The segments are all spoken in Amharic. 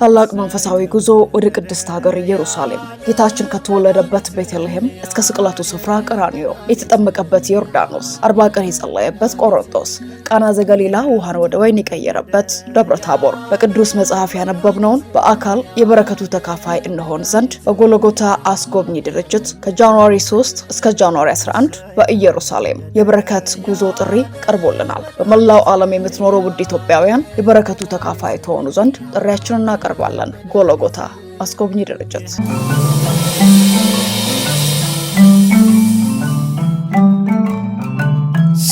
ታላቅ መንፈሳዊ ጉዞ ወደ ቅድስት ሀገር ኢየሩሳሌም፣ ጌታችን ከተወለደበት ቤተልሔም እስከ ስቅለቱ ስፍራ ቀራንዮ፣ የተጠመቀበት ዮርዳኖስ፣ አርባ ቀን የጸለየበት ቆሮንቶስ፣ ቃና ዘገሊላ ውሃን ወደ ወይን የቀየረበት ደብረ ታቦር፣ በቅዱስ መጽሐፍ ያነበብነውን በአካል የበረከቱ ተካፋይ እንሆን ዘንድ በጎለጎታ አስጎብኚ ድርጅት ከጃንዋሪ 3 እስከ ጃንዋሪ 11 በኢየሩሳሌም የበረከት ጉዞ ጥሪ ቀርቦልናል። በመላው ዓለም የምትኖረው ውድ ኢትዮጵያውያን የበረከቱ ተካፋይ ተሆኑ ዘንድ ጥሪያችንን እናቀርባለን። ጎለጎታ አስጎብኚ ድርጅት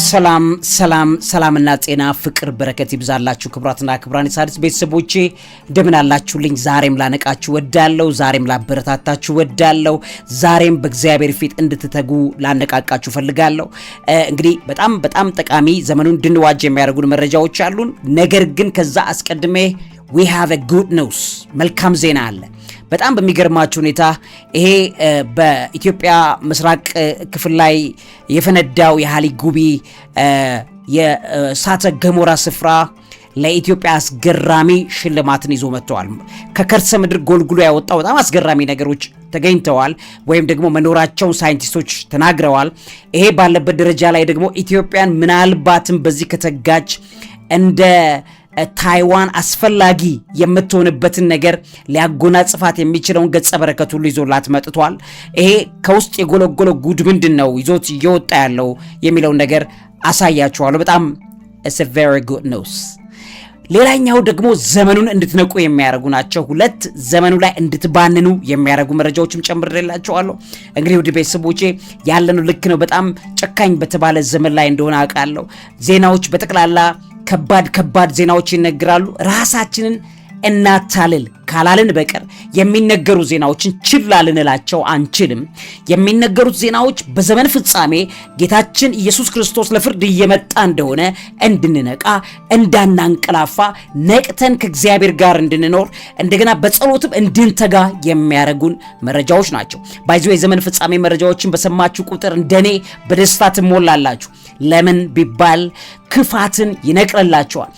ሰላም ሰላም ሰላምና ጤና ፍቅር በረከት ይብዛላችሁ። ክብራትና ክብራን የሣድስ ቤተሰቦቼ እንደምን አላችሁልኝ? ዛሬም ላነቃችሁ ወዳለው፣ ዛሬም ላበረታታችሁ ወዳለው፣ ዛሬም በእግዚአብሔር ፊት እንድትተጉ ላነቃቃችሁ ፈልጋለሁ። እንግዲህ በጣም በጣም ጠቃሚ ዘመኑን ድንዋጅ የሚያደርጉን መረጃዎች አሉን። ነገር ግን ከዛ አስቀድሜ ዊ ሃቭ ኤ ጉድ ኒውስ መልካም ዜና አለ። በጣም በሚገርማችሁ ሁኔታ ይሄ በኢትዮጵያ ምስራቅ ክፍል ላይ የፈነዳው የሃሊ ጉቢ የእሳተ ገሞራ ስፍራ ለኢትዮጵያ አስገራሚ ሽልማትን ይዞ መጥተዋል። ከከርሰ ምድር ጎልጉሎ ያወጣው በጣም አስገራሚ ነገሮች ተገኝተዋል ወይም ደግሞ መኖራቸውን ሳይንቲስቶች ተናግረዋል። ይሄ ባለበት ደረጃ ላይ ደግሞ ኢትዮጵያን ምናልባትም በዚህ ከተጋጭ እንደ ታይዋን አስፈላጊ የምትሆንበትን ነገር ሊያጎናጽፋት የሚችለውን ገጸ በረከት ሁሉ ይዞላት መጥቷል። ይሄ ከውስጥ የጎለጎለ ጉድ ምንድን ነው ይዞት እየወጣ ያለው የሚለውን ነገር አሳያችኋለሁ። በጣም ቨሪ ጉድ ኒውስ። ሌላኛው ደግሞ ዘመኑን እንድትነቁ የሚያደርጉ ናቸው። ሁለት ዘመኑ ላይ እንድትባንኑ የሚያደርጉ መረጃዎችም ጨምሬላችኋለሁ። እንግዲህ ውድ ቤተሰቦቼ ያለነው ልክ ነው። በጣም ጨካኝ በተባለ ዘመን ላይ እንደሆነ አውቃለሁ። ዜናዎች በጠቅላላ ከባድ ከባድ ዜናዎች ይነግራሉ። ራሳችንን እናታልል ካላልን በቀር የሚነገሩ ዜናዎችን ችላ ልንላቸው አንችልም። የሚነገሩት ዜናዎች በዘመን ፍጻሜ ጌታችን ኢየሱስ ክርስቶስ ለፍርድ እየመጣ እንደሆነ እንድንነቃ፣ እንዳናንቀላፋ፣ ነቅተን ከእግዚአብሔር ጋር እንድንኖር እንደገና በጸሎትም እንድንተጋ የሚያደርጉን መረጃዎች ናቸው። ባይዚው የዘመን ፍጻሜ መረጃዎችን በሰማችሁ ቁጥር እንደኔ በደስታ ትሞላላችሁ። ለምን ቢባል ክፋትን ይነቅልላቸዋል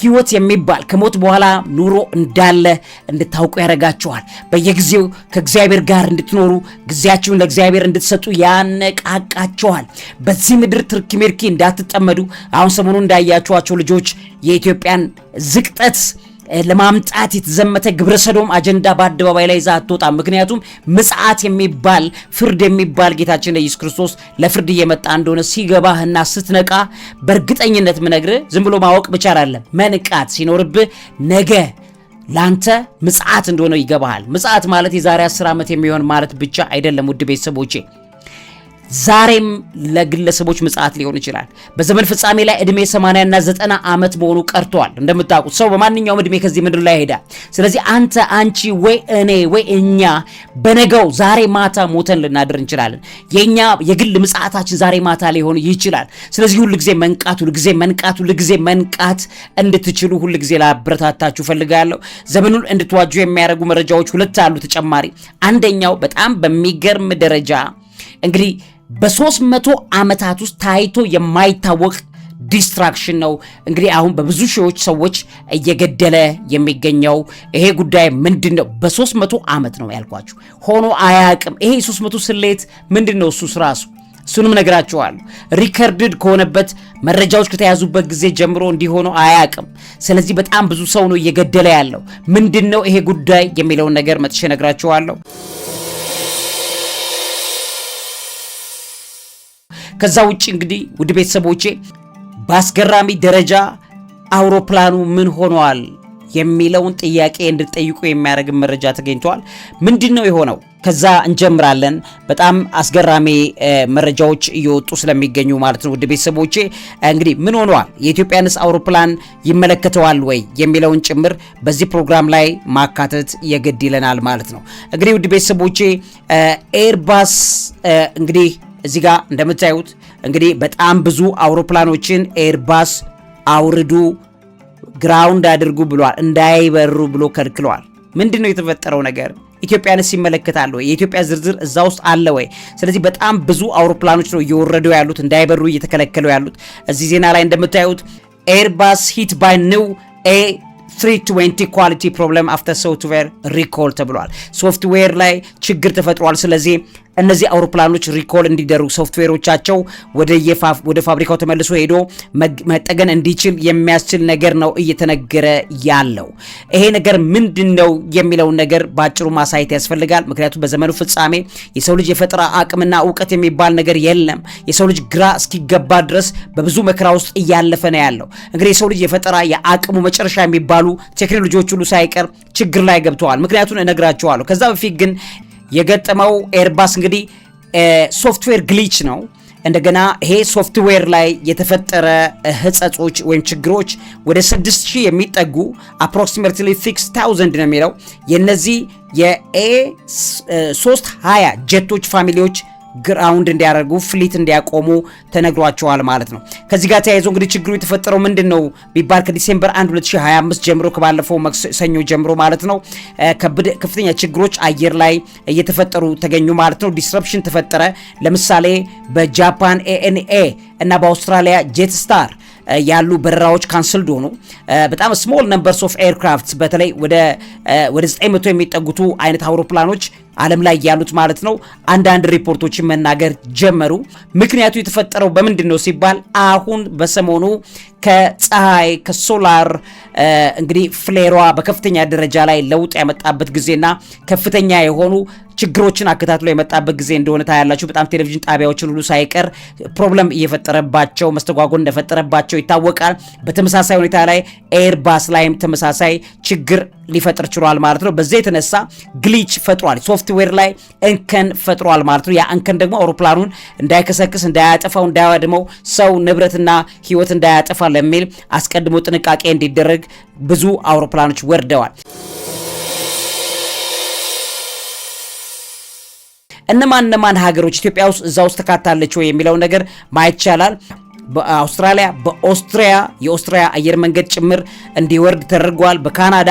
ህይወት የሚባል ከሞት በኋላ ኑሮ እንዳለ እንድታውቁ ያደርጋችኋል። በየጊዜው ከእግዚአብሔር ጋር እንድትኖሩ ጊዜያችሁን ለእግዚአብሔር እንድትሰጡ ያነቃቃችኋል። በዚህ ምድር ትርኪ ምርኪ እንዳትጠመዱ። አሁን ሰሞኑን እንዳያችኋቸው ልጆች የኢትዮጵያን ዝቅጠት ለማምጣት የተዘመተ ግብረሰዶም አጀንዳ በአደባባይ ላይ ይዛ አትወጣ። ምክንያቱም ምጽአት የሚባል ፍርድ የሚባል ጌታችን ኢየሱስ ክርስቶስ ለፍርድ እየመጣ እንደሆነ ሲገባህና ስትነቃ በእርግጠኝነት ምነግርህ ዝም ብሎ ማወቅ ብቻ አይደለም፣ መንቃት ሲኖርብህ ነገ ላንተ ምጽአት እንደሆነ ይገባሃል። ምጽአት ማለት የዛሬ 10 ዓመት የሚሆን ማለት ብቻ አይደለም። ውድ ቤተሰቦቼ ዛሬም ለግለሰቦች ምጽአት ሊሆን ይችላል። በዘመን ፍጻሜ ላይ እድሜ 80 እና 90 ዓመት መሆኑ ቀርቷል። እንደምታውቁት ሰው በማንኛውም እድሜ ከዚህ ምድር ላይ ሄዳ። ስለዚህ አንተ፣ አንቺ፣ ወይ እኔ ወይ እኛ በነገው ዛሬ ማታ ሞተን ልናድር እንችላለን። የኛ የግል ምጽአታችን ዛሬ ማታ ሊሆን ይችላል። ስለዚህ ሁልጊዜ መንቃት፣ ሁልጊዜ መንቃት፣ ሁልጊዜ መንቃት እንድትችሉ ሁልጊዜ ላብረታታችሁ ፈልጋለሁ። ዘመኑን እንድትዋጁ የሚያደርጉ መረጃዎች ሁለት አሉ ተጨማሪ። አንደኛው በጣም በሚገርም ደረጃ እንግዲህ በሶስት መቶ ዓመታት ውስጥ ታይቶ የማይታወቅ ዲስትራክሽን ነው። እንግዲህ አሁን በብዙ ሺዎች ሰዎች እየገደለ የሚገኘው ይሄ ጉዳይ ምንድን ነው? በሶስት መቶ ዓመት ነው ያልኳችሁ፣ ሆኖ አያቅም። ይሄ የሶስት መቶ ስሌት ምንድን ነው? እሱ ስራሱ እሱንም ነግራችኋለሁ። ሪከርድድ ከሆነበት መረጃዎች ከተያዙበት ጊዜ ጀምሮ እንዲሆኑ አያቅም። ስለዚህ በጣም ብዙ ሰው ነው እየገደለ ያለው። ምንድን ነው ይሄ ጉዳይ የሚለውን ነገር መጥሼ ነግራችኋለሁ። ከዛ ውጭ እንግዲህ ውድ ቤተሰቦቼ በአስገራሚ ደረጃ አውሮፕላኑ ምን ሆኗል የሚለውን ጥያቄ እንድጠይቁ የሚያደርግ መረጃ ተገኝተዋል። ምንድን ነው የሆነው? ከዛ እንጀምራለን። በጣም አስገራሚ መረጃዎች እየወጡ ስለሚገኙ ማለት ነው። ውድ ቤተሰቦቼ እንግዲህ ምን ሆኗል? የኢትዮጵያንስ አውሮፕላን ይመለከተዋል ወይ የሚለውን ጭምር በዚህ ፕሮግራም ላይ ማካተት የግድ ይለናል ማለት ነው። እንግዲህ ውድ ቤተሰቦቼ ኤርባስ እንግዲህ እዚህ ጋር እንደምታዩት እንግዲህ በጣም ብዙ አውሮፕላኖችን ኤርባስ አውርዱ፣ ግራውንድ አድርጉ ብሏል። እንዳይበሩ ብሎ ከልክለዋል። ምንድን ነው የተፈጠረው ነገር? ኢትዮጵያንስ ይመለከታል ወይ? የኢትዮጵያ ዝርዝር እዛ ውስጥ አለ ወይ? ስለዚህ በጣም ብዙ አውሮፕላኖች ነው እየወረዱ ያሉት፣ እንዳይበሩ እየተከለከሉ ያሉት። እዚህ ዜና ላይ እንደምታዩት ኤርባስ ሂት ባይ ኒው ኤ 320 ኳሊቲ ፕሮብለም አፍተር ሶፍትዌር ሪኮል ተብሏል። ሶፍትዌር ላይ ችግር ተፈጥሯል። ስለዚህ እነዚህ አውሮፕላኖች ሪኮል እንዲደረጉ ሶፍትዌሮቻቸው ወደ ፋብሪካው ተመልሶ ሄዶ መጠገን እንዲችል የሚያስችል ነገር ነው እየተነገረ ያለው። ይሄ ነገር ምንድን ነው የሚለውን ነገር በአጭሩ ማሳየት ያስፈልጋል። ምክንያቱም በዘመኑ ፍጻሜ የሰው ልጅ የፈጠራ አቅምና እውቀት የሚባል ነገር የለም። የሰው ልጅ ግራ እስኪገባ ድረስ በብዙ መከራ ውስጥ እያለፈ ነው ያለው። እንግዲህ የሰው ልጅ የፈጠራ የአቅሙ መጨረሻ የሚባሉ ቴክኖሎጂዎች ሁሉ ሳይቀር ችግር ላይ ገብተዋል። ምክንያቱን እነግራቸዋለሁ። ከዛ በፊት ግን የገጠመው ኤርባስ እንግዲህ ሶፍትዌር ግሊች ነው። እንደገና ይሄ ሶፍትዌር ላይ የተፈጠረ ህጸጾች ወይም ችግሮች ወደ 6000 የሚጠጉ አፕሮክሲሜትሊ 6000 ነው የሚለው የነዚህ የኤ 320 ጀቶች ፋሚሊዎች ግራውንድ እንዲያደርጉ ፍሊት እንዲያቆሙ ተነግሯቸዋል ማለት ነው። ከዚህ ጋር ተያይዞ እንግዲህ ችግሩ የተፈጠረው ምንድን ነው ቢባል ከዲሴምበር 1 2025 ጀምሮ ከባለፈው ሰኞ ጀምሮ ማለት ነው ከፍተኛ ችግሮች አየር ላይ እየተፈጠሩ ተገኙ ማለት ነው። ዲስረፕሽን ተፈጠረ። ለምሳሌ በጃፓን ኤኤንኤ እና በአውስትራሊያ ጄት ስታር ያሉ በረራዎች ካንስልድ ሆኑ። በጣም ስሞል ነምበርስ ኦፍ ኤርክራፍት በተለይ ወደ ወደ 900 የሚጠጉቱ አይነት አውሮፕላኖች ዓለም ላይ ያሉት ማለት ነው። አንዳንድ ሪፖርቶችን መናገር ጀመሩ። ምክንያቱ የተፈጠረው በምንድን ነው ሲባል አሁን በሰሞኑ ከፀሐይ ከሶላር እንግዲህ ፍሌሯ በከፍተኛ ደረጃ ላይ ለውጥ ያመጣበት ጊዜና ከፍተኛ የሆኑ ችግሮችን አከታትሎ የመጣበት ጊዜ እንደሆነ ታያላችሁ። በጣም ቴሌቪዥን ጣቢያዎችን ሁሉ ሳይቀር ፕሮብለም እየፈጠረባቸው መስተጓጎል እንደፈጠረባቸው ይታወቃል። በተመሳሳይ ሁኔታ ላይ ኤርባስ ላይም ተመሳሳይ ችግር ሊፈጥር ችሏል ማለት ነው። በዚህ የተነሳ ግሊች ፈጥሯል፣ ሶፍትዌር ላይ እንከን ፈጥሯል ማለት ነው። ያ እንከን ደግሞ አውሮፕላኑን እንዳይከሰክስ፣ እንዳያጠፋው፣ እንዳያወድመው ሰው ንብረትና ሕይወት እንዳያጠፋ ለሚል አስቀድሞ ጥንቃቄ እንዲደረግ ብዙ አውሮፕላኖች ወርደዋል። እነማን እነማን ሀገሮች ኢትዮጵያ ውስጥ እዛ ውስጥ ተካታለች ወይ የሚለው ነገር ማየት ይቻላል። በአውስትራሊያ በኦስትሪያ የኦስትሪያ አየር መንገድ ጭምር እንዲወርድ ተደርጓል። በካናዳ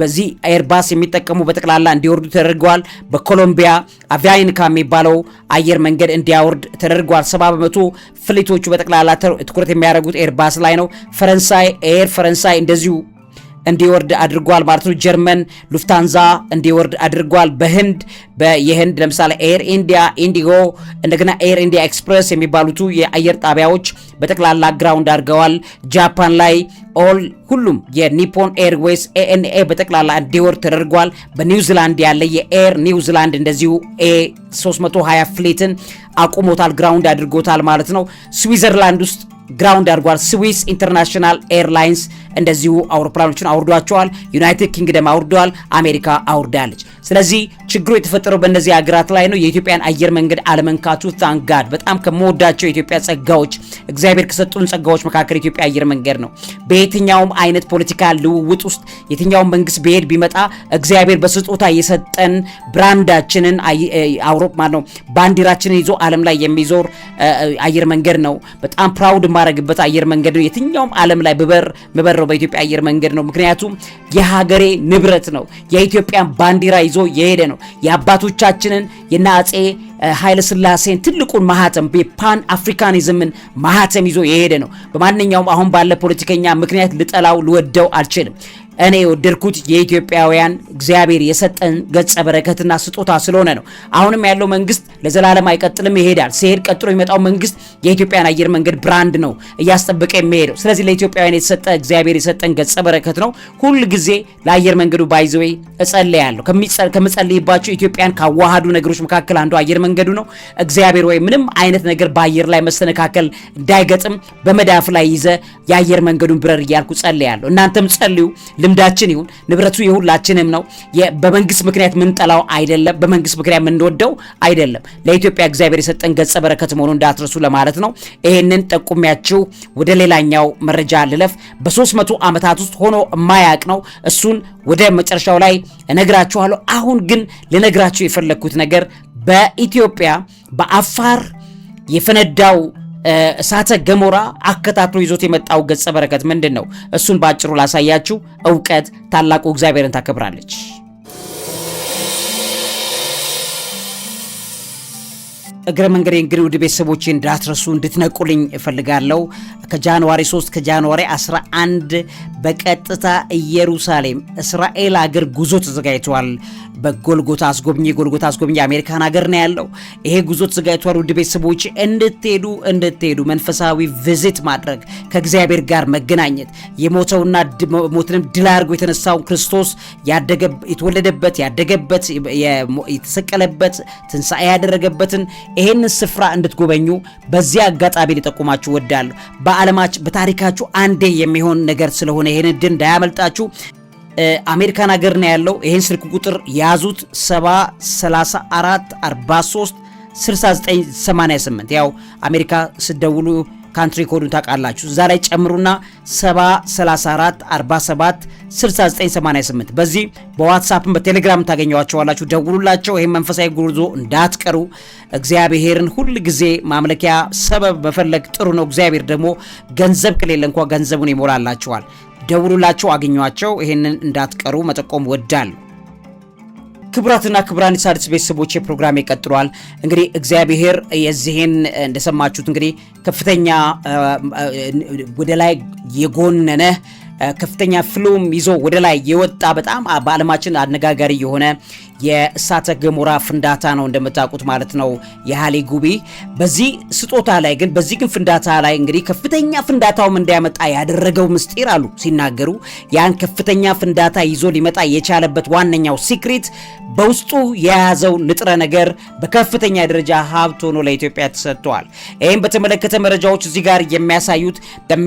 በዚህ ኤርባስ የሚጠቀሙ በጠቅላላ እንዲወርዱ ተደርጓል። በኮሎምቢያ አቪያይንካ የሚባለው አየር መንገድ እንዲያወርድ ተደርጓል። ሰባ በመቶ ፍሊቶቹ በጠቅላላ ትኩረት የሚያደርጉት ኤርባስ ላይ ነው። ፈረንሳይ ኤር ፈረንሳይ እንደዚሁ እንዲወርድ አድርጓል ማለት ነው። ጀርመን ሉፍታንዛ እንዲወርድ አድርጓል። በህንድ የህንድ ለምሳሌ ኤር ኢንዲያ፣ ኢንዲጎ እንደገና ኤር ኢንዲያ ኤክስፕሬስ የሚባሉቱ የአየር ጣቢያዎች በጠቅላላ ግራውንድ አድርገዋል። ጃፓን ላይ ኦል ሁሉም የኒፖን ኤርዌይስ ኤንኤ በጠቅላላ እንዲወርድ ተደርጓል። በኒውዚላንድ ያለ የኤር ኒውዚላንድ እንደዚሁ ኤ 320 ፍሊትን አቁሞታል፣ ግራውንድ አድርጎታል ማለት ነው። ስዊዘርላንድ ውስጥ ግራውንድ አድርጓል። ስዊስ ኢንተርናሽናል ኤርላይንስ እንደዚሁ አውሮፕላኖችን አውርዷቸዋል። ዩናይትድ ኪንግደም አውርደዋል። አሜሪካ አውርዳለች። ስለዚህ ችግሩ የተፈጠረው በእነዚህ ሀገራት ላይ ነው። የኢትዮጵያን አየር መንገድ አለመንካቱ ታንጋድ በጣም ከመወዳቸው የኢትዮጵያ ጸጋዎች እግዚአብሔር ከሰጡን ጸጋዎች መካከል የኢትዮጵያ አየር መንገድ ነው። በየትኛውም አይነት ፖለቲካ ልውውጥ ውስጥ የትኛውም መንግስት ብሄድ ቢመጣ እግዚአብሔር በስጦታ የሰጠን ብራንዳችንን አውሮፕ ማለት ነው ባንዲራችንን ይዞ አለም ላይ የሚዞር አየር መንገድ ነው። በጣም ፕራውድ የማደርግበት አየር መንገድ ነው። የትኛውም አለም ላይ ብበር የሚበረው በኢትዮጵያ አየር መንገድ ነው። ምክንያቱም የሀገሬ ንብረት ነው። የኢትዮጵያን ባንዲራ ይዞ የሄደ ነው። የአባቶቻችንን የነ ኃይለ ስላሴን ትልቁን ማህተም ፓን አፍሪካኒዝምን ማህተም ይዞ የሄደ ነው። በማንኛውም አሁን ባለ ፖለቲከኛ ምክንያት ልጠላው ልወደው አልችልም። እኔ የወደድኩት የኢትዮጵያውያን እግዚአብሔር የሰጠን ገጸ በረከትና ስጦታ ስለሆነ ነው። አሁንም ያለው መንግስት ለዘላለም አይቀጥልም፣ ይሄዳል። ሲሄድ ቀጥሎ የሚመጣው መንግስት የኢትዮጵያን አየር መንገድ ብራንድ ነው እያስጠበቀ የሚሄደው። ስለዚህ ለኢትዮጵያውያን የተሰጠ እግዚአብሔር የሰጠን ገጸ በረከት ነው። ሁል ጊዜ ለአየር መንገዱ ባይዘወይ እጸልያለሁ። ከምጸልይባቸው ኢትዮጵያን ካዋሃዱ ነገሮች መካከል አንዱ አየር መንገዱ ነው። እግዚአብሔር ወይ ምንም አይነት ነገር በአየር ላይ መስተነካከል እንዳይገጥም በመዳፍ ላይ ይዘ የአየር መንገዱን ብረር እያልኩ ጸልያለሁ። እናንተም ጸልዩ። ልምዳችን ይሁን። ንብረቱ የሁላችንም ነው። በመንግስት ምክንያት ምንጠላው አይደለም። በመንግስት ምክንያት ምንወደው አይደለም። ለኢትዮጵያ እግዚአብሔር የሰጠን ገጸ በረከት መሆኑ እንዳትረሱ ለማለት ነው። ይህንን ጠቁሚያችሁ ወደ ሌላኛው መረጃ ልለፍ። በሶስት መቶ ዓመታት ውስጥ ሆኖ የማያቅ ነው። እሱን ወደ መጨረሻው ላይ እነግራችኋለሁ። አሁን ግን ልነግራችሁ የፈለግኩት ነገር በኢትዮጵያ በአፋር የፈነዳው እሳተ ገሞራ አከታትሎ ይዞት የመጣው ገጸ በረከት ምንድን ነው? እሱን በአጭሩ ላሳያችሁ። እውቀት ታላቁ እግዚአብሔርን ታከብራለች። እግረ መንገዴ እንግዲህ ውድ ቤተሰቦች እንዳትረሱ እንድትነቁልኝ እፈልጋለሁ። ከጃንዋሪ 3 ከጃንዋሪ 11 በቀጥታ ኢየሩሳሌም እስራኤል አገር ጉዞ ተዘጋጅቷል። በጎልጎታ አስጎብኝ ጎልጎታ አስጎብኝ አሜሪካን ሀገር ነው ያለው። ይሄ ጉዞ ተዘጋጅቷል። ውድ ቤተሰቦች እንድትሄዱ እንድትሄዱ መንፈሳዊ ቪዚት ማድረግ ከእግዚአብሔር ጋር መገናኘት የሞተውና ሞትንም ድል አድርጎ የተነሳውን ክርስቶስ የተወለደበት ያደገበት የተሰቀለበት ትንሣኤ ያደረገበትን ይሄንን ስፍራ እንድትጎበኙ በዚያ አጋጣሚ ሊጠቁማችሁ ወዳለሁ። በዓለማችን በታሪካችሁ አንዴ የሚሆን ነገር ስለሆነ ይሄን እድል እንዳያመልጣችሁ። አሜሪካን ሀገር ነው ያለው። ይሄን ስልክ ቁጥር ያዙት 70 34 43 69 88 ያው አሜሪካ ስደውሉ ካንትሪ ኮዱን ታውቃላችሁ። እዛ ላይ ጨምሩና 70 47 6988 በዚህ በዋትሳፕም በቴሌግራም ታገኘዋቸዋላችሁ። ደውሉላቸው። ይህም መንፈሳዊ ጉርዞ እንዳትቀሩ። እግዚአብሔርን ሁል ጊዜ ማምለኪያ ሰበብ መፈለግ ጥሩ ነው። እግዚአብሔር ደግሞ ገንዘብ ከሌለ እንኳ ገንዘቡን ይሞላላችኋል። ደውሉላቸው፣ አግኟቸው። ይህንን እንዳትቀሩ መጠቆም ወዳለሁ። ክቡራትና ክቡራን የሣድስ ቤተሰቦች ፕሮግራሜ ቀጥሏል። እንግዲህ እግዚአብሔር የዚህን እንደሰማችሁት እንግዲህ ከፍተኛ ወደ ላይ የጎነነ ከፍተኛ ፍሉም ይዞ ወደ ላይ የወጣ በጣም በዓለማችን አነጋጋሪ የሆነ የእሳተ ገሞራ ፍንዳታ ነው እንደምታውቁት ማለት ነው የሃሌ ጉቢ። በዚህ ስጦታ ላይ ግን በዚህ ግን ፍንዳታ ላይ እንግዲህ ከፍተኛ ፍንዳታውም እንዳያመጣ ያደረገው ምስጢር አሉ ሲናገሩ ያን ከፍተኛ ፍንዳታ ይዞ ሊመጣ የቻለበት ዋነኛው ሲክሪት በውስጡ የያዘው ንጥረ ነገር በከፍተኛ ደረጃ ሀብት ሆኖ ለኢትዮጵያ ተሰጥተዋል። ይህም በተመለከተ መረጃዎች እዚህ ጋር የሚያሳዩት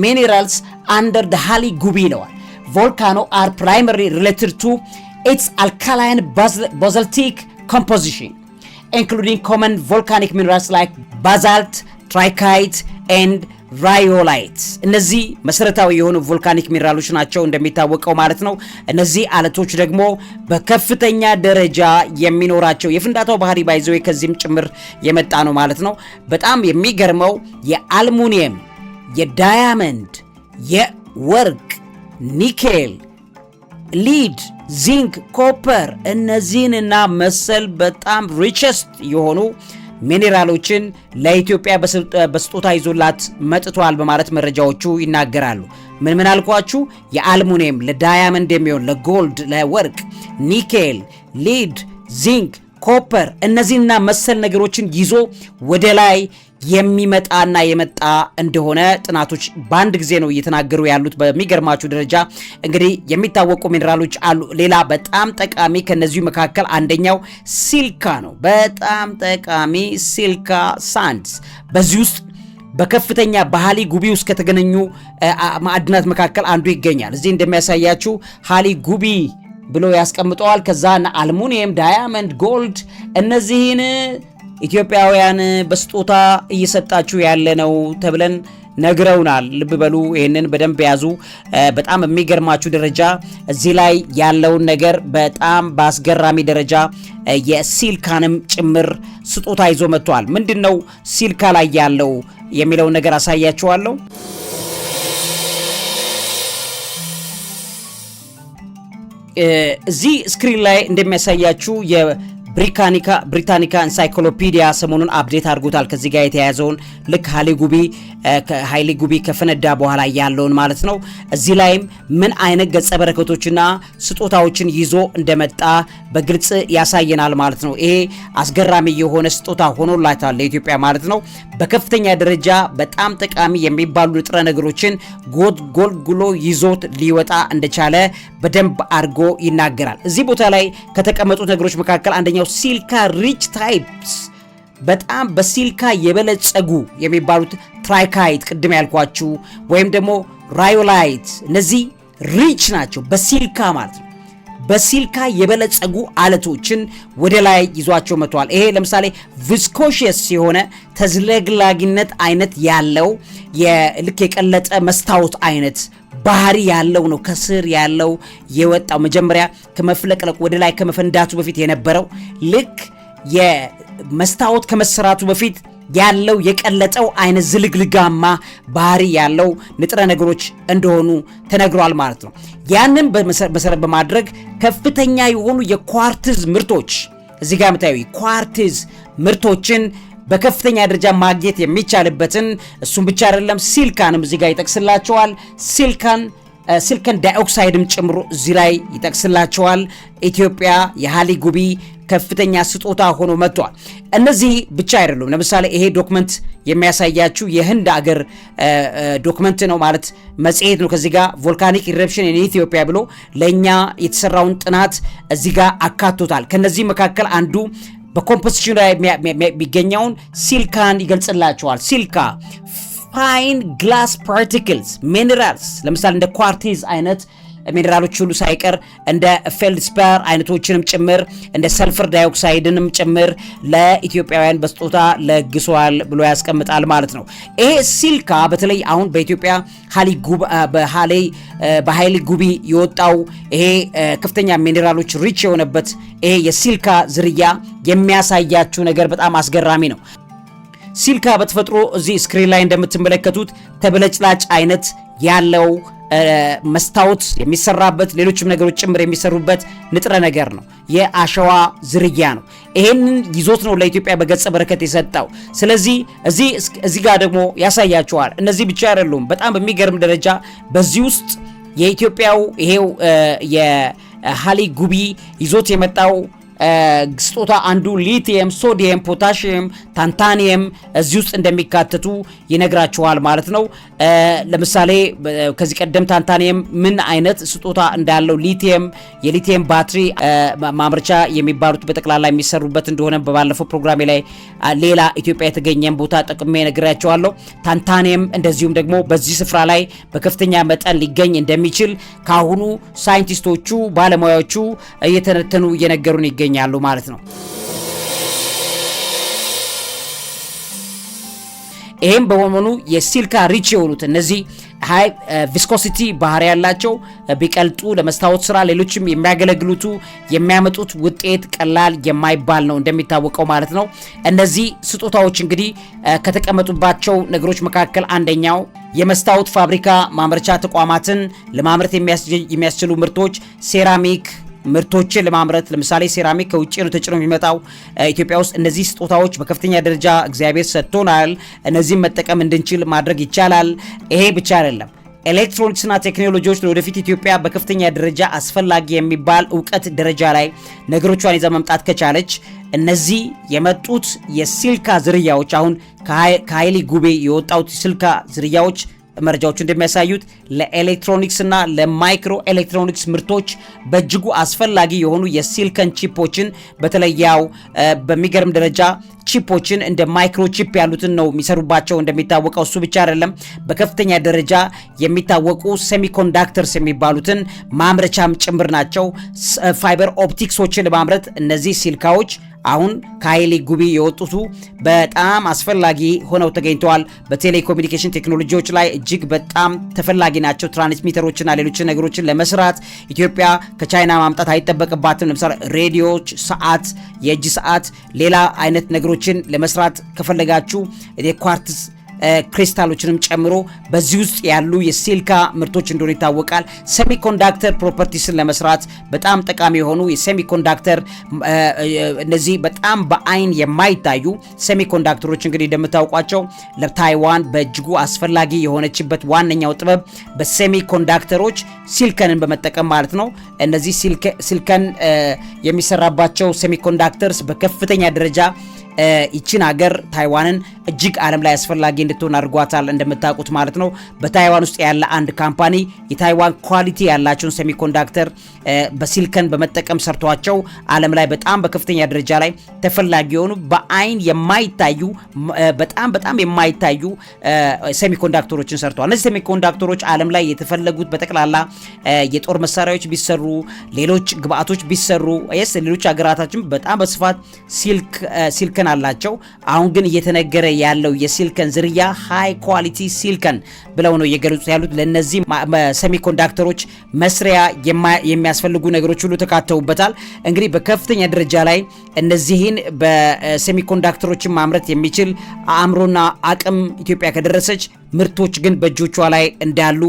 ሚኔራልስ አንደር ሃሊ ጉቢ ይለዋል ቮልካኖ አር ፕራይመሪ ሪሌትድ ቱ its alkaline basaltic composition, including common volcanic minerals like basalt, trichite, and ራዮላይት እነዚህ መሰረታዊ የሆኑ ቮልካኒክ ሚኔራሎች ናቸው እንደሚታወቀው ማለት ነው። እነዚህ አለቶች ደግሞ በከፍተኛ ደረጃ የሚኖራቸው የፍንዳታው ባህሪ ባይዘው ከዚህም ጭምር የመጣ ነው ማለት ነው። በጣም የሚገርመው የአልሙኒየም፣ የዳያመንድ፣ የወርቅ፣ ኒኬል፣ ሊድ ዚንክ፣ ኮፐር እነዚህንና መሰል በጣም ሪቸስት የሆኑ ሚኔራሎችን ለኢትዮጵያ በስጦታ ይዞላት መጥቷል በማለት መረጃዎቹ ይናገራሉ። ምን ምን አልኳችሁ? የአልሙኒየም ለዳያመንድ የሚሆን ለጎልድ፣ ለወርቅ፣ ኒኬል፣ ሊድ፣ ዚንክ፣ ኮፐር እነዚህንና መሰል ነገሮችን ይዞ ወደ ላይ የሚመጣና የመጣ እንደሆነ ጥናቶች በአንድ ጊዜ ነው እየተናገሩ ያሉት። በሚገርማችሁ ደረጃ እንግዲህ የሚታወቁ ሚኔራሎች አሉ። ሌላ በጣም ጠቃሚ ከነዚሁ መካከል አንደኛው ሲልካ ነው። በጣም ጠቃሚ ሲልካ ሳንድስ በዚህ ውስጥ በከፍተኛ በሃሊ ጉቢ ውስጥ ከተገነኙ ማዕድናት መካከል አንዱ ይገኛል። እዚህ እንደሚያሳያችሁ ሃሊ ጉቢ ብሎ ያስቀምጠዋል። ከዛ አልሙኒየም፣ ዳያመንድ፣ ጎልድ እነዚህን ኢትዮጵያውያን በስጦታ እየሰጣችሁ ያለ ነው ተብለን ነግረውናል። ልብ በሉ ይህንን በደንብ ያዙ። በጣም የሚገርማችሁ ደረጃ እዚህ ላይ ያለውን ነገር በጣም በአስገራሚ ደረጃ የሲልካንም ጭምር ስጦታ ይዞ መጥቷል። ምንድን ነው ሲልካ ላይ ያለው የሚለውን ነገር አሳያችኋለሁ። እዚህ ስክሪን ላይ እንደሚያሳያችሁ ብሪታኒካ ብሪታኒካ ኢንሳይክሎፒዲያ ሰሞኑን አፕዴት አድርጎታል። ከዚህ ጋር የተያያዘውን ልክ ሀይሌ ጉቢ ሀይሌ ጉቢ ከፈነዳ በኋላ ያለውን ማለት ነው። እዚህ ላይም ምን አይነት ገጸ በረከቶችና ስጦታዎችን ይዞ እንደመጣ በግልጽ ያሳየናል ማለት ነው። ይሄ አስገራሚ የሆነ ስጦታ ሆኖላታል ለኢትዮጵያ ማለት ነው። በከፍተኛ ደረጃ በጣም ጠቃሚ የሚባሉ ንጥረ ነገሮችን ጎልጉሎ ይዞት ሊወጣ እንደቻለ በደንብ አድርጎ ይናገራል። እዚህ ቦታ ላይ ከተቀመጡት ነገሮች መካከል አንደኛው ነው ሲልካ ሪች ታይፕስ በጣም በሲልካ የበለጸጉ የሚባሉት ትራይካይት ቅድም ያልኳችሁ ወይም ደግሞ ራዮላይት እነዚህ ሪች ናቸው በሲልካ ማለት ነው። በሲልካ የበለጸጉ አለቶችን ወደ ላይ ይዟቸው መጥተዋል። ይሄ ለምሳሌ ቪስኮሽየስ የሆነ ተዝለግላጊነት አይነት ያለው ልክ የቀለጠ መስታወት አይነት ባህሪ ያለው ነው። ከስር ያለው የወጣው መጀመሪያ ከመፍለቅለቅ ወደ ላይ ከመፈንዳቱ በፊት የነበረው ልክ የመስታወት ከመሰራቱ በፊት ያለው የቀለጠው አይነት ዝልግልጋማ ባህሪ ያለው ንጥረ ነገሮች እንደሆኑ ተነግሯል ማለት ነው። ያንን መሰረት በማድረግ ከፍተኛ የሆኑ የኳርትዝ ምርቶች እዚህ ጋር የምታዩ ኳርትዝ ምርቶችን በከፍተኛ ደረጃ ማግኘት የሚቻልበትን እሱም ብቻ አይደለም ሲልካንም እዚህ ጋር ይጠቅስላቸዋል። ሲልካን ሲልከን ዳይኦክሳይድም ጨምሮ እዚህ ላይ ይጠቅስላቸዋል። ኢትዮጵያ የሃሊ ጉቢ ከፍተኛ ስጦታ ሆኖ መጥቷል። እነዚህ ብቻ አይደሉም። ለምሳሌ ይሄ ዶክመንት የሚያሳያችው የህንድ አገር ዶክመንት ነው ማለት መጽሔት ነው። ከዚህ ጋር ቮልካኒክ ኢረፕሽን ኢን ኢትዮጵያ ብሎ ለእኛ የተሰራውን ጥናት እዚህ ጋር አካቶታል። ከነዚህ መካከል አንዱ በኮምፖዚሽኑ ላይ የሚገኘውን ሲልካን ይገልጽላቸዋል። ሲልካ ፋይን ግላስ ፓርቲክልስ ሚኔራልስ ለምሳሌ እንደ ኳርቲዝ አይነት ሚኔራሎች ሁሉ ሳይቀር እንደ ፌልድስፐር አይነቶችንም ጭምር እንደ ሰልፈር ዳይኦክሳይድንም ጭምር ለኢትዮጵያውያን በስጦታ ለግሷል ብሎ ያስቀምጣል ማለት ነው። ይሄ ሲልካ በተለይ አሁን በኢትዮጵያ በሀይሊ ጉቢ የወጣው ይሄ ከፍተኛ ሚኔራሎች ሪች የሆነበት ይሄ የሲልካ ዝርያ የሚያሳያችሁ ነገር በጣም አስገራሚ ነው። ሲልካ በተፈጥሮ እዚህ ስክሪን ላይ እንደምትመለከቱት ተበለጭላጭ አይነት ያለው መስታወት የሚሰራበት ሌሎችም ነገሮች ጭምር የሚሰሩበት ንጥረ ነገር ነው። የአሸዋ ዝርያ ነው። ይሄንን ይዞት ነው ለኢትዮጵያ በገጸ በረከት የሰጠው። ስለዚህ እዚህ ጋር ደግሞ ያሳያቸዋል። እነዚህ ብቻ አይደሉም። በጣም በሚገርም ደረጃ በዚህ ውስጥ የኢትዮጵያው ይሄው የሃሊ ጉቢ ይዞት የመጣው ስጦታ አንዱ ሊቲየም፣ ሶዲየም፣ ፖታሽየም፣ ታንታኒየም እዚህ ውስጥ እንደሚካተቱ ይነግራችኋል ማለት ነው። ለምሳሌ ከዚህ ቀደም ታንታኒየም ምን አይነት ስጦታ እንዳለው፣ ሊቲየም የሊቲየም ባትሪ ማምረቻ የሚባሉት በጠቅላላ የሚሰሩበት እንደሆነ በባለፈው ፕሮግራሜ ላይ ሌላ ኢትዮጵያ የተገኘን ቦታ ጠቅሜ ነግራችኋለሁ። ታንታኒየም እንደዚሁም ደግሞ በዚህ ስፍራ ላይ በከፍተኛ መጠን ሊገኝ እንደሚችል ከአሁኑ ሳይንቲስቶቹ ባለሙያዎቹ እየተነተኑ እየነገሩን ይገኛል። ይገኛሉ ማለት ነው። ይህም በመሆኑ የሲልካ ሪች የሆኑት እነዚህ ሃይ ቪስኮሲቲ ባህሪ ያላቸው ቢቀልጡ ለመስታወት ስራ ሌሎችም የሚያገለግሉቱ የሚያመጡት ውጤት ቀላል የማይባል ነው እንደሚታወቀው ማለት ነው። እነዚህ ስጦታዎች እንግዲህ ከተቀመጡባቸው ነገሮች መካከል አንደኛው የመስታወት ፋብሪካ ማምረቻ ተቋማትን ለማምረት የሚያስችሉ ምርቶች ሴራሚክ ምርቶችን ለማምረት ለምሳሌ ሴራሚክ ከውጭ ነው ተጭኖ የሚመጣው ኢትዮጵያ ውስጥ። እነዚህ ስጦታዎች በከፍተኛ ደረጃ እግዚአብሔር ሰጥቶናል። እነዚህም መጠቀም እንድንችል ማድረግ ይቻላል። ይሄ ብቻ አይደለም። ኤሌክትሮኒክስና ቴክኖሎጂዎች ለወደፊት ኢትዮጵያ በከፍተኛ ደረጃ አስፈላጊ የሚባል እውቀት ደረጃ ላይ ነገሮቿን ይዛ መምጣት ከቻለች እነዚህ የመጡት የሲልካ ዝርያዎች አሁን ከሀይሊ ጉቤ የወጣው ሲልካ ዝርያዎች መረጃዎች እንደሚያሳዩት ለኤሌክትሮኒክስ እና ለማይክሮ ኤሌክትሮኒክስ ምርቶች በእጅጉ አስፈላጊ የሆኑ የሲልከን ቺፖችን በተለያው በሚገርም ደረጃ ቺፖችን እንደ ማይክሮ ቺፕ ያሉትን ነው የሚሰሩባቸው። እንደሚታወቀው እሱ ብቻ አይደለም፣ በከፍተኛ ደረጃ የሚታወቁ ሴሚኮንዳክተርስ የሚባሉትን ማምረቻም ጭምር ናቸው። ፋይበር ኦፕቲክሶችን ለማምረት እነዚህ ሲልካዎች አሁን ከኃይሌ ጉቢ የወጡቱ በጣም አስፈላጊ ሆነው ተገኝተዋል። በቴሌኮሙኒኬሽን ቴክኖሎጂዎች ላይ እጅግ በጣም ተፈላጊ ናቸው። ትራንስሚተሮችና ሌሎችን ነገሮችን ለመስራት ኢትዮጵያ ከቻይና ማምጣት አይጠበቅባትም። ለምሳሌ ሬዲዮዎች፣ ሰዓት፣ የእጅ ሰዓት፣ ሌላ አይነት ነገሮችን ለመስራት ከፈለጋችሁ ኳርትስ ክሪስታሎችንም ጨምሮ በዚህ ውስጥ ያሉ የሲሊካ ምርቶች እንደሆነ ይታወቃል። ሴሚኮንዳክተር ፕሮፐርቲስን ለመስራት በጣም ጠቃሚ የሆኑ የሴሚኮንዳክተር እነዚህ በጣም በአይን የማይታዩ ሴሚኮንዳክተሮች እንግዲህ እንደምታውቋቸው ለታይዋን በእጅጉ አስፈላጊ የሆነችበት ዋነኛው ጥበብ በሴሚኮንዳክተሮች ሲልከንን በመጠቀም ማለት ነው። እነዚህ ሲልከን የሚሰራባቸው ሴሚኮንዳክተርስ በከፍተኛ ደረጃ ይችን ሀገር ታይዋንን እጅግ ዓለም ላይ አስፈላጊ እንድትሆን አድርጓታል። እንደምታውቁት ማለት ነው። በታይዋን ውስጥ ያለ አንድ ካምፓኒ የታይዋን ኳሊቲ ያላቸውን ሴሚኮንዳክተር በሲልከን በመጠቀም ሰርቷቸው ዓለም ላይ በጣም በከፍተኛ ደረጃ ላይ ተፈላጊ የሆኑ በአይን የማይታዩ በጣም በጣም የማይታዩ ሴሚኮንዳክተሮችን ሰርተዋል። እነዚህ ሴሚኮንዳክተሮች ዓለም ላይ የተፈለጉት በጠቅላላ የጦር መሳሪያዎች ቢሰሩ፣ ሌሎች ግብአቶች ቢሰሩ ስ ሌሎች ሀገራታችን በጣም በስፋት ሲልከን ሲልከን አላቸው። አሁን ግን እየተነገረ ያለው የሲልከን ዝርያ ሃይ ኳሊቲ ሲልከን ብለው ነው እየገለጹት ያሉት። ለነዚህ ሰሚኮንዳክተሮች መስሪያ የሚያስፈልጉ ነገሮች ሁሉ ተካተውበታል። እንግዲህ በከፍተኛ ደረጃ ላይ እነዚህን በሴሚኮንዳክተሮችን ማምረት የሚችል አእምሮና አቅም ኢትዮጵያ ከደረሰች ምርቶች ግን በእጆቿ ላይ እንዳሉ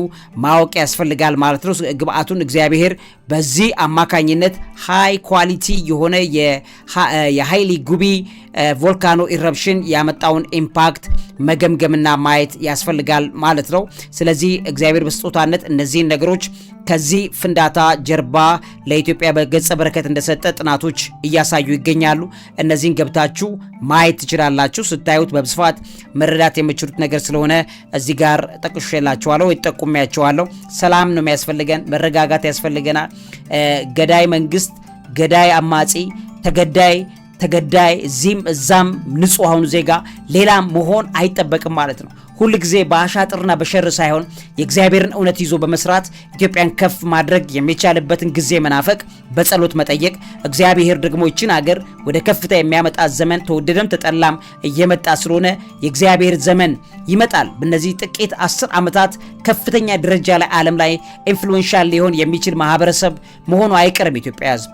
ማወቅ ያስፈልጋል ማለት ነው። ግብአቱን እግዚአብሔር በዚህ አማካኝነት ሃይ ኳሊቲ የሆነ የሃይሊ ጉቢ ቮልካኖ ኢረፕሽን ያመጣውን ኢምፓክት መገምገምና ማየት ያስፈልጋል ማለት ነው። ስለዚህ እግዚአብሔር በስጦታነት እነዚህን ነገሮች ከዚህ ፍንዳታ ጀርባ ለኢትዮጵያ በገጸ በረከት እንደሰጠ ጥናቶች እያሳዩ ይገኛሉ። እነዚህን ገብታችሁ ማየት ትችላላችሁ። ስታዩት በብስፋት መረዳት የምችሉት ነገር ስለሆነ እዚህ ጋር ጠቅሼላችኋለሁ ወይ ጠቁሜያችኋለሁ። ሰላም ነው የሚያስፈልገን፣ መረጋጋት ያስፈልገናል። ገዳይ መንግስት፣ ገዳይ አማጺ፣ ተገዳይ ተገዳይ እዚህም እዛም ንጹሐውን ዜጋ ሌላም መሆን አይጠበቅም ማለት ነው። ሁል ጊዜ በአሻጥርና በሸር ሳይሆን የእግዚአብሔርን እውነት ይዞ በመስራት ኢትዮጵያን ከፍ ማድረግ የሚቻልበትን ጊዜ መናፈቅ፣ በጸሎት መጠየቅ፣ እግዚአብሔር ደግሞ ይችን አገር ወደ ከፍታ የሚያመጣ ዘመን ተወደደም ተጠላም እየመጣ ስለሆነ የእግዚአብሔር ዘመን ይመጣል። በእነዚህ ጥቂት አስር ዓመታት ከፍተኛ ደረጃ ላይ ዓለም ላይ ኢንፍሉዌንሻል ሊሆን የሚችል ማህበረሰብ መሆኑ አይቀርም። ኢትዮጵያ ሕዝብ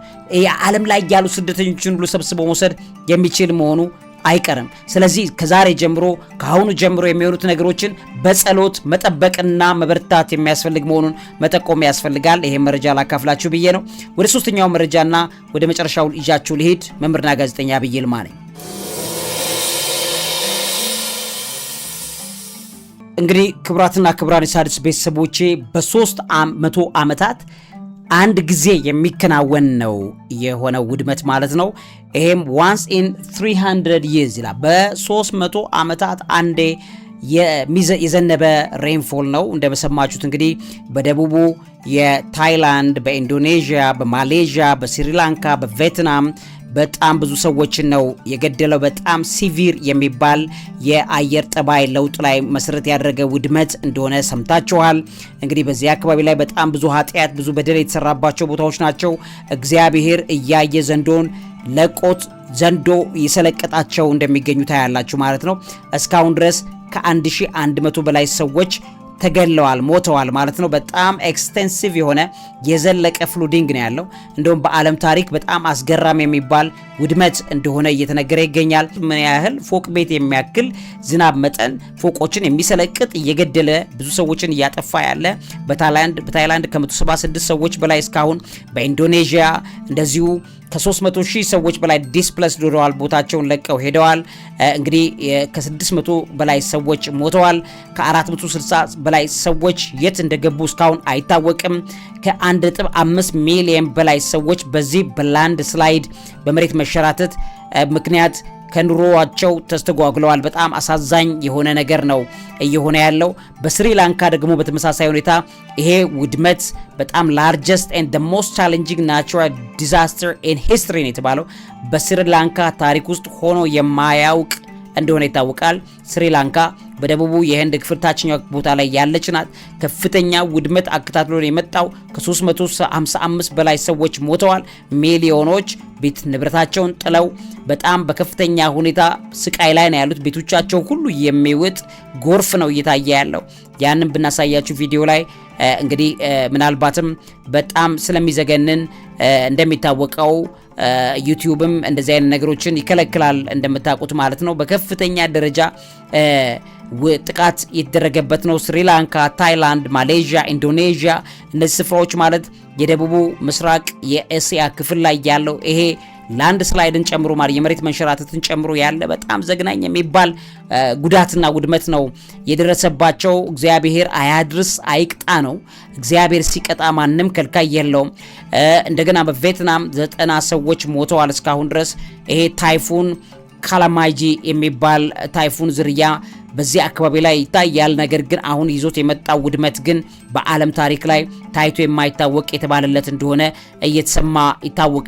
ዓለም ላይ ያሉ ስደተኞችን ሁሉ ሰብስቦ መውሰድ የሚችል መሆኑ አይቀርም። ስለዚህ ከዛሬ ጀምሮ ከአሁኑ ጀምሮ የሚሆኑት ነገሮችን በጸሎት መጠበቅና መበርታት የሚያስፈልግ መሆኑን መጠቆም ያስፈልጋል። ይሄ መረጃ ላካፍላችሁ ብዬ ነው። ወደ ሶስተኛው መረጃና ወደ መጨረሻው ይዣችሁ ልሄድ። መምህርና ጋዜጠኛ ዐቢይ ይልማ ነኝ። እንግዲህ ክቡራትና ክቡራን የሣድስ ቤተሰቦቼ በሶስት መቶ ዓመታት አንድ ጊዜ የሚከናወን ነው የሆነው ውድመት ማለት ነው። ይሄም ዋንስ ኢን 300 ይርስ ይላል። በ300 ዓመታት አንዴ የዘነበ ሬንፎል ነው። እንደመሰማችሁት እንግዲህ በደቡቡ የታይላንድ፣ በኢንዶኔዥያ፣ በማሌዥያ፣ በስሪላንካ፣ በቬትናም በጣም ብዙ ሰዎችን ነው የገደለው። በጣም ሲቪር የሚባል የአየር ጠባይ ለውጥ ላይ መሰረት ያደረገ ውድመት እንደሆነ ሰምታችኋል። እንግዲህ በዚህ አካባቢ ላይ በጣም ብዙ ኃጢአት፣ ብዙ በደል የተሰራባቸው ቦታዎች ናቸው። እግዚአብሔር እያየ ዘንዶን ለቆት ዘንዶ የሰለቀጣቸው እንደሚገኙ ታያላችሁ ማለት ነው። እስካሁን ድረስ ከ1100 በላይ ሰዎች ተገለዋል፣ ሞተዋል ማለት ነው። በጣም ኤክስቴንሲቭ የሆነ የዘለቀ ፍሉዲንግ ነው ያለው። እንደውም በዓለም ታሪክ በጣም አስገራም የሚባል ውድመት እንደሆነ እየተነገረ ይገኛል። ምን ያህል ፎቅ ቤት የሚያክል ዝናብ መጠን ፎቆችን የሚሰለቅጥ እየገደለ ብዙ ሰዎችን እያጠፋ ያለ በታይላንድ ከ176 ሰዎች በላይ እስካሁን በኢንዶኔዥያ እንደዚሁ ከ300 ሺህ ሰዎች በላይ ዲስፕለስድ ሆነዋል፣ ቦታቸውን ለቀው ሄደዋል። እንግዲህ ከ600 በላይ ሰዎች ሞተዋል። ከ460 በላይ ሰዎች የት እንደገቡ እስካሁን አይታወቅም። ከ1.5 ሚሊየን በላይ ሰዎች በዚህ በላንድ ስላይድ በመሬት መሸራተት ምክንያት ከኑሮዋቸው ተስተጓጉለዋል። በጣም አሳዛኝ የሆነ ነገር ነው እየሆነ ያለው። በስሪላንካ ደግሞ በተመሳሳይ ሁኔታ ይሄ ውድመት በጣም ላርጀስት ኤንድ ሞስት ቻሌንጂንግ ናቹራል ዲዛስተር ኢን ሂስትሪ ነው የተባለው በስሪላንካ ታሪክ ውስጥ ሆኖ የማያውቅ እንደሆነ ይታወቃል። ስሪላንካ በደቡቡ የህንድ ክፍል ታችኛው ቦታ ላይ ያለች ናት። ከፍተኛ ውድመት አከታትሎ የመጣው ከ355 በላይ ሰዎች ሞተዋል። ሚሊዮኖች ቤት ንብረታቸውን ጥለው በጣም በከፍተኛ ሁኔታ ስቃይ ላይ ነው ያሉት። ቤቶቻቸው ሁሉ የሚውጥ ጎርፍ ነው እየታየ ያለው። ያንን ብናሳያችሁ ቪዲዮ ላይ እንግዲህ ምናልባትም በጣም ስለሚዘገንን እንደሚታወቀው ዩቲዩብም እንደዚህ አይነት ነገሮችን ይከለክላል እንደምታውቁት ማለት ነው። በከፍተኛ ደረጃ ጥቃት የተደረገበት ነው። ስሪላንካ፣ ታይላንድ፣ ማሌዥያ፣ ኢንዶኔዥያ እነዚህ ስፍራዎች ማለት የደቡቡ ምስራቅ የእስያ ክፍል ላይ ያለው ይሄ ላንድ ስላይድን ጨምሮ ማለት የመሬት መንሸራተትን ጨምሮ ያለ በጣም ዘግናኝ የሚባል ጉዳትና ውድመት ነው የደረሰባቸው። እግዚአብሔር አያድርስ አይቅጣ ነው። እግዚአብሔር ሲቀጣ ማንም ከልካይ የለውም። እንደገና በቬትናም ዘጠና ሰዎች ሞተዋል እስካሁን ድረስ ይሄ ታይፉን ካላማጂ የሚባል ታይፉን ዝርያ በዚህ አካባቢ ላይ ይታያል። ነገር ግን አሁን ይዞት የመጣው ውድመት ግን በዓለም ታሪክ ላይ ታይቶ የማይታወቅ የተባለለት እንደሆነ እየተሰማ ይታወቅ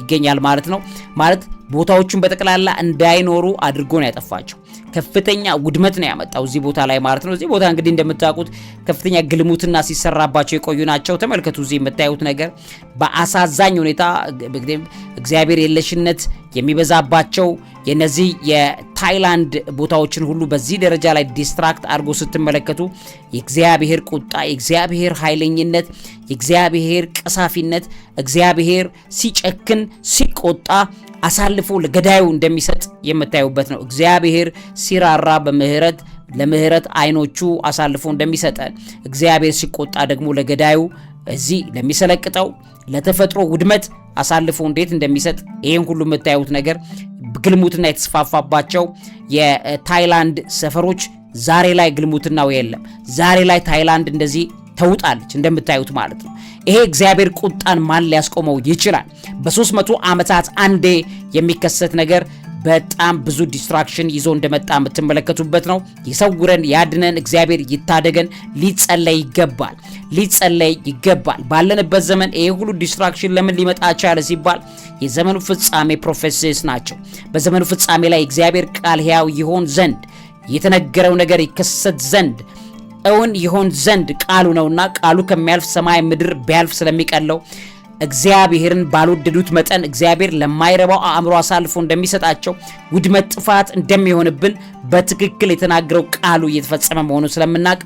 ይገኛል ማለት ነው። ማለት ቦታዎቹን በጠቅላላ እንዳይኖሩ አድርጎ ነው ያጠፋቸው። ከፍተኛ ውድመት ነው ያመጣው እዚህ ቦታ ላይ ማለት ነው። እዚህ ቦታ እንግዲህ እንደምታውቁት ከፍተኛ ግልሙትና ሲሰራባቸው የቆዩ ናቸው። ተመልከቱ፣ እዚህ የምታዩት ነገር በአሳዛኝ ሁኔታ እግዚአብሔር የለሽነት የሚበዛባቸው የነዚህ የታይላንድ ቦታዎችን ሁሉ በዚህ ደረጃ ላይ ዲስትራክት አድርጎ ስትመለከቱ የእግዚአብሔር ቁጣ፣ የእግዚአብሔር ኃይለኝነት፣ የእግዚአብሔር ቀሳፊነት እግዚአብሔር ሲጨክን ሲቆጣ አሳልፎ ለገዳዩ እንደሚሰጥ የምታዩበት ነው። እግዚአብሔር ሲራራ በምህረት ለምህረት አይኖቹ አሳልፎ እንደሚሰጠን፣ እግዚአብሔር ሲቆጣ ደግሞ ለገዳዩ በዚህ ለሚሰለቅጠው ለተፈጥሮ ውድመት አሳልፎ እንዴት እንደሚሰጥ ይህን ሁሉ የምታዩት ነገር ግልሙትና የተስፋፋባቸው የታይላንድ ሰፈሮች ዛሬ ላይ ግልሙትናው የለም። ዛሬ ላይ ታይላንድ እንደዚህ ተውጣለች እንደምታዩት ማለት ነው። ይሄ እግዚአብሔር ቁጣን ማን ሊያስቆመው ይችላል? በ መቶ ዓመታት አንዴ የሚከሰት ነገር በጣም ብዙ ዲስትራክሽን ይዞ እንደመጣ የምትመለከቱበት ነው። ይሰውረን፣ ያድነን፣ እግዚአብሔር ይታደገን። ሊጸለይ ይገባል፣ ሊጸለይ ይገባል። ባለንበት ዘመን ይሄ ሁሉ ዲስትራክሽን ለምን ሊመጣ ቻለ ሲባል የዘመኑ ፍጻሜ ፕሮፌሲስ ናቸው። በዘመኑ ፍጻሜ ላይ እግዚአብሔር ቃል ሕያው ይሆን ዘንድ የተነገረው ነገር ይከሰት ዘንድ እውን ይሆን ዘንድ ቃሉ ነውና ቃሉ ከሚያልፍ ሰማይ ምድር ቢያልፍ ስለሚቀለው እግዚአብሔርን ባልወደዱት መጠን እግዚአብሔር ለማይረባው አእምሮ አሳልፎ እንደሚሰጣቸው ውድመት፣ ጥፋት እንደሚሆንብን በትክክል የተናገረው ቃሉ እየተፈጸመ መሆኑ ስለምናውቅ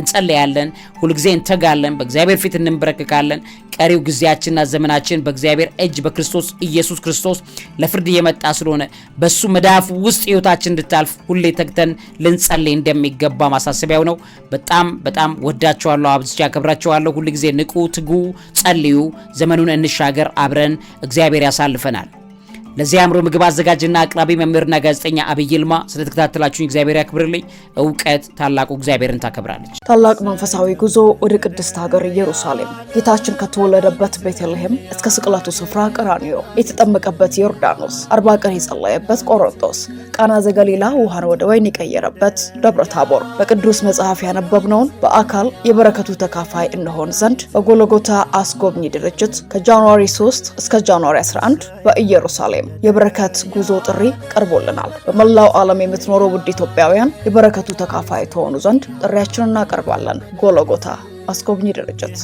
እንጸለያለን፣ ሁልጊዜ እንተጋለን፣ በእግዚአብሔር ፊት እንንበረክካለን። ቀሪው ጊዜያችንና ዘመናችን በእግዚአብሔር እጅ በክርስቶስ ኢየሱስ ክርስቶስ ለፍርድ እየመጣ ስለሆነ በሱ መዳፍ ውስጥ ህይወታችን እንድታልፍ ሁሌ ተግተን ልንጸልይ እንደሚገባ ማሳሰቢያው ነው። በጣም በጣም ወዳችኋለሁ፣ አብዝቼ አከብራችኋለሁ። ሁልጊዜ ንቁ፣ ትጉ፣ ጸልዩ። ዘመኑን እንሻገር። አብረን እግዚአብሔር ያሳልፈናል። ለዚህ አእምሮ ምግብ አዘጋጅና አቅራቢ መምህርና ጋዜጠኛ አብይ ይልማ። ስለተከታተላችሁኝ እግዚአብሔር ያክብርልኝ። እውቀት ታላቁ እግዚአብሔርን ታከብራለች። ታላቅ መንፈሳዊ ጉዞ ወደ ቅድስት ሀገር ኢየሩሳሌም ጌታችን ከተወለደበት ቤተልሔም እስከ ስቅለቱ ስፍራ ቀራንዮ፣ የተጠመቀበት ዮርዳኖስ፣ አርባ ቀን የጸለየበት ቆሮንቶስ፣ ቃና ዘገሊላ ውሃን ወደ ወይን የቀየረበት ደብረ ታቦር በቅዱስ መጽሐፍ ያነበብነውን በአካል የበረከቱ ተካፋይ እንሆን ዘንድ በጎልጎታ አስጎብኚ ድርጅት ከጃንዋሪ 3 እስከ ጃንዋሪ 11 በኢየሩሳሌም ወይም የበረከት ጉዞ ጥሪ ቀርቦልናል። በመላው ዓለም የምትኖረው ውድ ኢትዮጵያውያን የበረከቱ ተካፋይ ተሆኑ ዘንድ ጥሪያችንን እናቀርባለን። ጎሎጎታ አስጎብኚ ድርጅት